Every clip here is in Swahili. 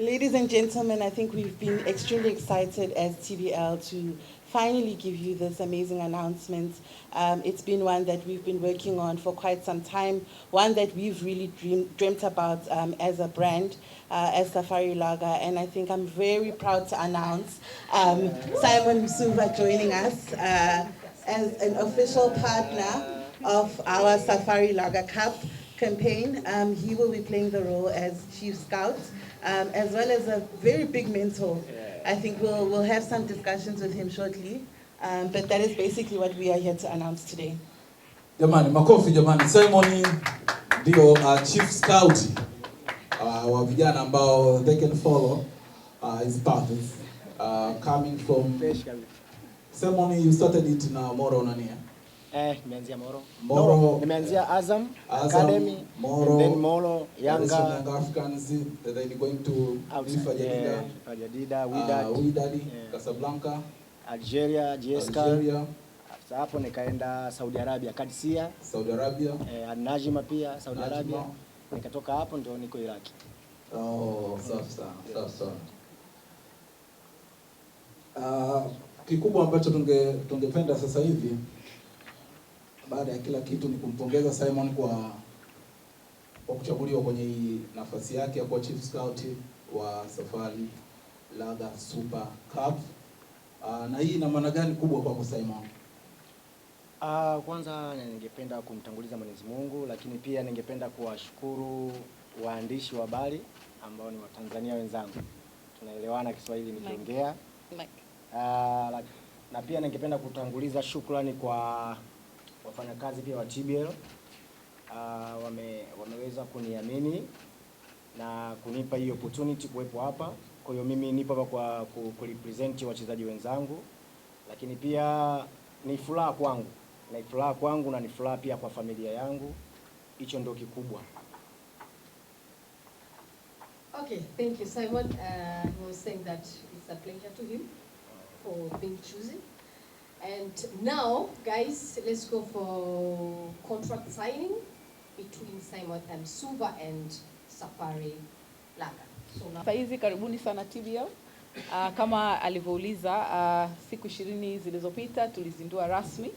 Ladies and gentlemen, I think we've been extremely excited as TBL to finally give you this amazing announcement. Um, it's been one that we've been working on for quite some time, one that we've really dream, dreamt about um, as a brand, uh, as Safari Lager, and I think I'm very proud to announce um, Simon Musuva joining us uh, as an official partner of our Safari Lager Cup campaign. Um, he will be playing the role as chief scout, um, as well as a very big mentor. I think we'll, we'll have some discussions with him shortly. Um, but that is basically what we are here to announce today. Jamani, makofi jamani. ceremony. ndio uh, chief scout uh, wa vijana ambao they can follow uh, his path uh, coming from ceremony, you started it na Moro Onania. Eh, nimeanzia Moro. Moro. No, Nimeanzia Azam, Azam Academy, Moro, and then Moro, Yanga, Young Africans, then going to Outside, Jadida, yeah, Jadida, ah, Wydad, uh, Wydad, yeah. Casablanca, Algeria, GSK. Algeria. Sasa hapo nikaenda Saudi Arabia, Kadisia. Saudi Arabia. Eh, Najima pia Saudi Najima. Arabia. Nikatoka hapo ndio niko Iraki. Oh, safi sana. Safi sana. Ah, kikubwa ambacho tunge tungependa sasa hivi baada ya kila kitu ni kumpongeza Simon kwa kwa kuchaguliwa kwenye nafasi yake ya kuwa chief scout wa Safari Laga Super Cup. Uh, na hii ina maana gani kubwa kwako Simon? Uh, kwanza ningependa kumtanguliza Mwenyezi Mungu, lakini pia ningependa kuwashukuru waandishi wa habari ambao ni Watanzania wenzangu, tunaelewana Kiswahili nikiongea. Uh, ah, na pia ningependa kutanguliza shukrani kwa wafanyakazi pia wa TBL uh, wame, wameweza kuniamini na kunipa hiyo opportunity kuwepo hapa. Kwa hiyo mimi nipo hapa kwa kurepresent wachezaji wenzangu, lakini pia ni furaha kwangu, ni furaha kwangu na ni furaha pia kwa familia yangu. Hicho ndio kikubwa. Okay, thank you Simon. Uh, he was saying that it's a pleasure to him for being chosen. And now, guys, let's go for contract signing between Simon Suva and Safari Laga. Sasa karibuni sana TBL. Uh, ah, kama alivyouliza uh, siku ishirini zilizopita tulizindua rasmi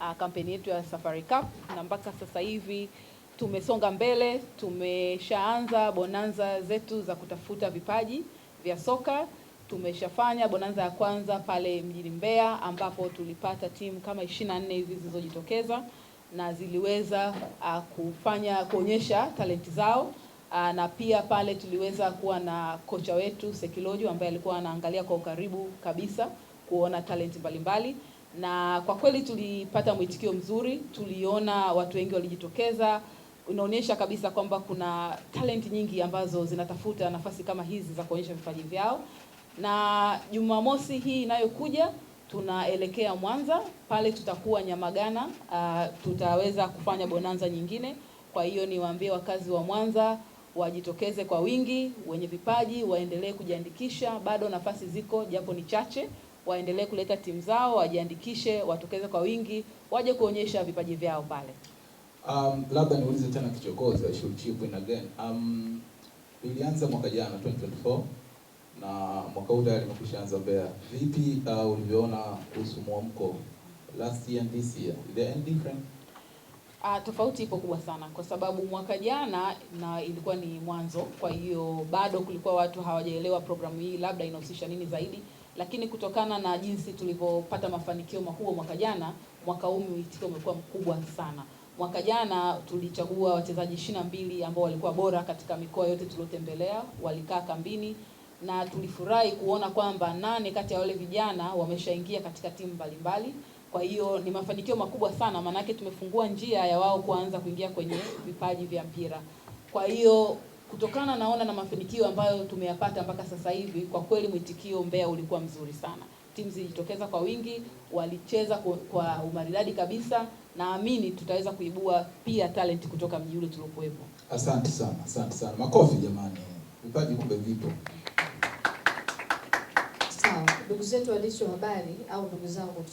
uh, kampeni yetu ya Safari Cup na mpaka sasa hivi tumesonga mbele, tumeshaanza bonanza zetu za kutafuta vipaji vya soka. Tumeshafanya bonanza ya kwanza pale mjini Mbeya ambapo tulipata timu kama 24 hivi zilizojitokeza na ziliweza uh, kufanya kuonyesha talenti zao uh, na pia pale tuliweza kuwa na kocha wetu Sekilojo ambaye alikuwa anaangalia kwa ukaribu kabisa kuona talenti mbalimbali na kwa kweli tulipata mwitikio mzuri, tuliona watu wengi walijitokeza. Unaonyesha kabisa kwamba kuna talenti nyingi ambazo zinatafuta nafasi kama hizi za kuonyesha vipaji vyao, na Jumamosi hii inayokuja tunaelekea Mwanza, pale tutakuwa Nyamagana. Uh, tutaweza kufanya bonanza nyingine. Kwa hiyo niwaambie wakazi wa Mwanza wajitokeze kwa wingi, wenye vipaji waendelee kujiandikisha, bado nafasi ziko japo ni chache. Waendelee kuleta timu zao, wajiandikishe, watokeze kwa wingi, waje kuonyesha vipaji vyao pale. Um, labda niulize tena kichokozi, I should chip in again. Um, ilianza mwaka jana 2024 na mwaka huu tayari nimekwisha anza Mbeya. Vipi uh, ulivyoona kuhusu mwamko last year and this year, is there any Uh, tofauti ipo kubwa sana kwa sababu mwaka jana na ilikuwa ni mwanzo, kwa hiyo bado kulikuwa watu hawajaelewa programu hii labda inahusisha nini zaidi, lakini kutokana na jinsi tulivyopata mafanikio makubwa mwaka jana, mwaka huu mwitikio umekuwa mkubwa sana. Mwaka jana tulichagua wachezaji ishirini na mbili ambao walikuwa bora katika mikoa yote tuliotembelea, walikaa kambini na tulifurahi kuona kwamba nane kati ya wale vijana wameshaingia katika timu mbalimbali. Kwa hiyo ni mafanikio makubwa sana, maanake tumefungua njia ya wao kuanza kuingia kwenye vipaji vya mpira. Kwa hiyo kutokana naona na mafanikio ambayo tumeyapata mpaka sasa hivi, kwa kweli mwitikio Mbeya ulikuwa mzuri sana. Timu zilijitokeza kwa wingi, walicheza kwa umaridadi kabisa. Naamini tutaweza kuibua pia talent kutoka mji ule tuliokuwepo. Asante sana, asante sana, makofi jamani, vipaji kumbe vipo ndugu zetu waandishi wa habari au ndugu zangu